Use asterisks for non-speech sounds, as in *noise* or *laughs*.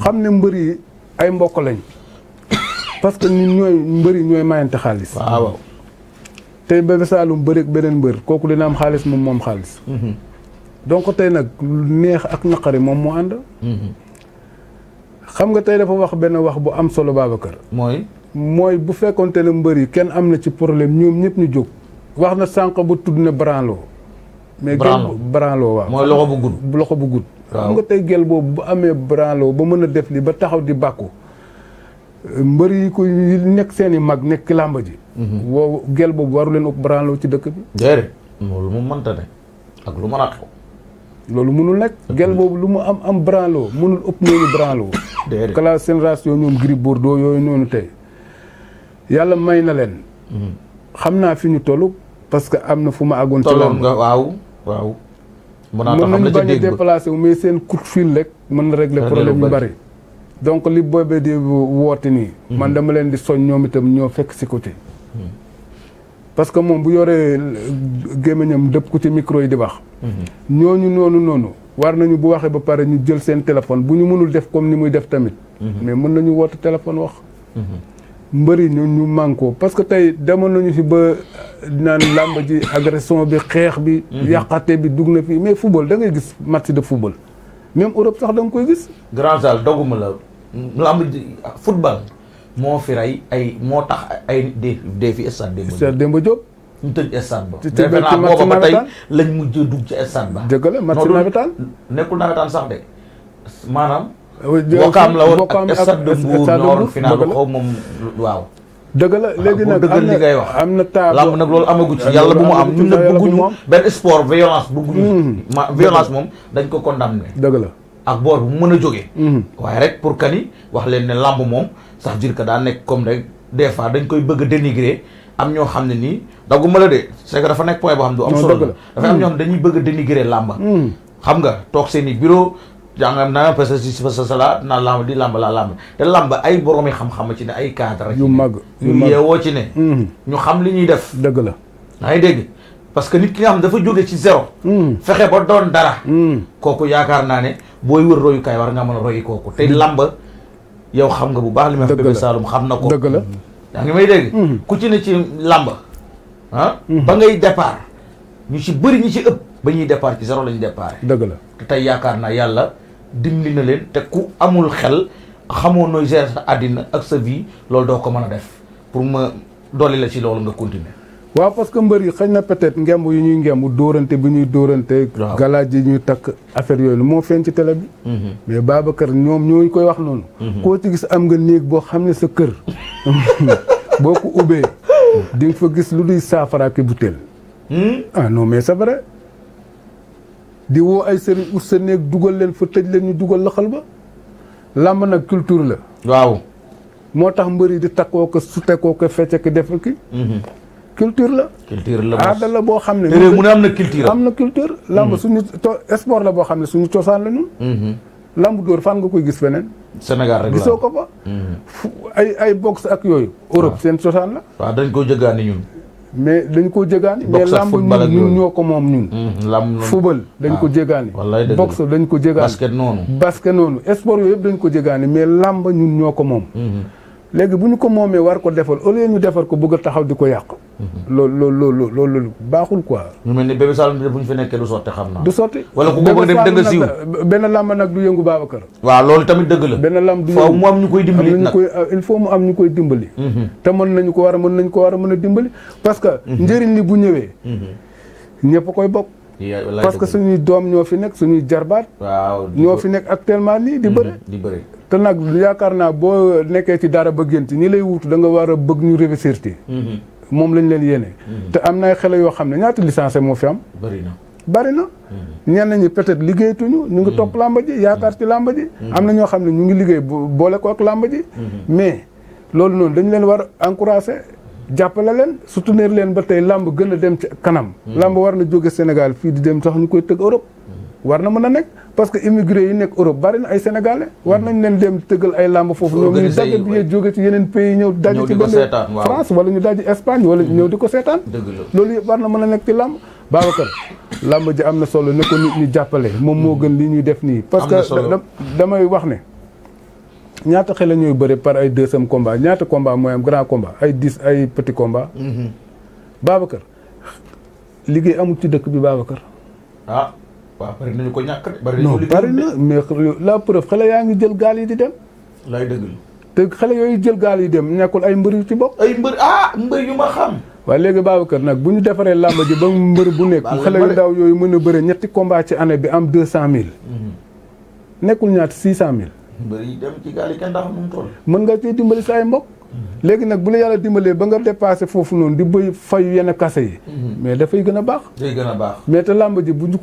xam ne mbër yi ay mbokk lañ parce que ñun ñooy mbër yi ñooy mayante xaalis waaw tey Bébé Saloum bëreeg beneen mbër kooku dina am xaalis moom moom xaalis mhm. donc tey nag neex ak naqari moom mu ànd mhm. xam nga tey dafa wax benn wax bu am solo Babacar mooy mooy bu fekkonte ne mbër yi kenn am na ci problème ñoom ñëpp ñu jóg wax na sànq bu tudd na branlo mais branlo waaw mooy loxo bu loxo bu gudd xam nga tey gel boobu bu amee branlo ba mën a def li ba taxaw di bàkku mbër yi ko yi nekk seen i mag nekk làmb ji mhm. woow gel boobu waru leen ëpp ci dëkk bi déedéet loolu mu manta ne ak lu mën a xew loolu mënul nekk gel boobu lu mu am am branlo mënul ëpp noonu branlo classe génération ñoom Gris Bordeaux yooyu noonu tey yàlla may na leen mhm. xam naa fi ñu toll parce que am na fu ma àggoon ci làmb nga waaw Je ne pas mais de fil donc li de di hmm. man dama di soñ côté hmm. parce que mon bu yoré micro yi di non non non war nañu bu ba ñu jël téléphone mënul def comme ni hmm. mais mën nañu téléphone wax mbëri ñu ñu mànkoo parce que tey demoon nañu fi ba euh, naan làmb ji agression bi xeex bi. Mhm. yàqate bi dugg na fii mais football da ngay gis match de football. même Europe sax da koy gis. grand salle doguma la làmb ji football moo fi rey ay moo tax ay dee fi stade Demba Diop. stade Demba Diop. ñu tëj stade ba. ci ci defe naa booba ba tey lañ mujjee dugg ci stade ba. dëgg la match nawetaan nekkul nawetaan sax de maanaam. Wakaam la woon stade de Mbour ñoo woon final xaw moom waaw. dëgg la léegi nag am na am na nag loolu amagu ci yàlla bu mu am ñun nag bëgguñu benn sport violence bëgguñu hmm. ma violence moom dañ ko condamné. dëgg la ak boor bu mu mën a jógee. Hmm. waaye rek pour que ni wax leen ne lamb moom sax jir ka daa nekk comme rek des fois dañ koy bëgg a dénigrer am ñoo xam ne nii daggu ma la de c'est dafa nekk point boo xam ne du am solo la dafa am ñoo hmm. xam dañuy bëgg a dénigrer xam nga toog seen i jàngam naa parce que si parce que làmb di làmb laa làmb te làmb ay boroomi xam-xam ci ne ay cadre yu mag hmm. yu yeewoo ci ne ñu xam li ñuy def dëgg la yaa ngi dégg parce que nit ki nga xam dafa jóge ci zéro hmm. fexe ba doon dara hmm. kooku yaakaar naa ne booy wër royukaay war nga mën a royi kooku te làmb yow xam nga bu baax li ma wax Bébé Saloum xam na ko dëgg la yaa ngi may dégg ku ci ne ci làmb ah ba ngay départ ñu ci bëri ñu ci ëpp ba ñuy départ ci zéro la ñuy départ dëgg la tey yaakaar naa yàlla dimbali na leen te ku amul xel xamoo nooy gérer sa àddina ak sa vie loolu doo ko mën a def pour ma dolli la ci loolu nga continuer. waaw parce que mbër yi xëy na peut-être ngemb yi ñuy ngemb dóorante bi ñuy dóorante. waaw galaaj yi ñuy takk affaire yooyu moo feeñ ci télé bi. Mhm. mais kër ñoom ñooñu koy wax noonu. Mhm. koo ci gis am nga néeg boo xam ne sa kër. *laughs* boo ko ubbee di nga fa gis lu duy saafara ak butéel. Hmm? ah mais c'est vrai. di woo ay sëriñ ut sa néeg dugal leen fa tëj leen ñu dugal xal ba làmb nag culture la waaw moo tax mbëri di takkoo ko sutekoo ko fecce ki defal ki mhm. culture la culture la aada la boo xam ne mu ne am na culture am na culture làmb mhm. suñu sport la boo xam ne suñu cosaan la ñun mhm. làmb dóor fan nga koy gis feneen Sénégal rek gisoo ko fa ay ay boxe ak yooyu Europe seen cosaan la waa dañ ko jëggaani ñun mais dañ ko jégaani mais lamb ñun ñoo ko moom ñun hmm, football dañ ko ah. jégaani boxe dañ ko jégaani basket noonu basket noonu sport yooyu yëpp dañ ko jégaani mais lamb ñun ñoo ko moom hmm. léegi bu ñu ko moomee war ko defal au lieu ñu defar ko bëgg a taxaw di ko yàq loolu loolu loolu loolu baaxul quoi. ñu mel ni bébé Saloum bu ñu fi nekkee xam naa. du sotti wala ku bëgg dem dëgg siiw benn làmb nag du yëngu Babacar. waaw loolu tamit dëgg la. benn làmb du mu am ñu koy dimbali nag euh, il faut mu mhm. ko war a mën nañu ko war a mën a dimbali. parce que mhm. njëriñ li bu ñëwee. Mhm. ñëpp koy bokk. parce que suñuy doom ñoo fi nekk suñuy jarbaat. waaw ñoo fi nekk actuellement nii di bëri. di bëri te nag yaakaar naa boo nekkee ci dara bëggante ñi lay wutu da nga war a bëgg ñu réussir moom lañ leen yéene. Mm-hmm. te am na ay xale yoo xam ne ñaata licencié moo fi am. bari na bari na. Mm-hmm. ñenn ñi peut-être liggéeyatuñu. ñu ngi mm-hmm. topp làmba ji yaakaar ci làmba ji. am na ñoo xam ne ñu ngi liggéey boole ko ak làmba ji. mais loolu noonu dañu leen war a encourager jàppale leen soutenir leen ba tey làmb gën a dem ci kanam. làmb war na jóge Sénégal fii di dem sax ñu koy tëgg Europe. war na mën a nekk parce que immigré yi nekk Europe bari na ay sénégalais. war nañ leen dem tëggal ay làmb foofu. ñoom ñu dagg bi jóge ci yeneen pays ñëw. ñëw di ko seetaan ci benn France wala ñu daji Espagne wala ñëw di ko seetaan. loolu yëpp war na mën a nekk ci làmb. Babacar làmb ji am na solo ne ko nit ñi jàppale. moom moo gën li ñuy def nii. parce que damay wax ne. ñaata xel la ñuy bëri par ay deuxième combat ñaata komba mooy am grand komba ay dix ay petit komba mhm. Babacar liggéey amul ci dëkk bi Babacar. ah. waaw bari nañu ko ñàkk na mais la preuve xale yaa ngi jël gaal yi di dem. lay dëgg te xale yooyu jël gaal yi dem nekkul ay mbër yu ci bokk. ay mbër ah mbër yu ma xam. waaye léegi Babacar nag bu ñu defaree làmb ji ba mbër bu nekk xale yu ndaw yooyu mën a bëre ñetti combat ci année bi am deux cent mille mhm. nekkul ñaata six cent mille mbër yi dem ci gaal yi nga cee dimbali sa ay mbokk mhm. léegi nag bu la yàlla dimbalee ba nga dépassé foofu noonu di bëy fayu yenn kase yi mhm. mais dafay gën a baax mais te làmb bu ñu ko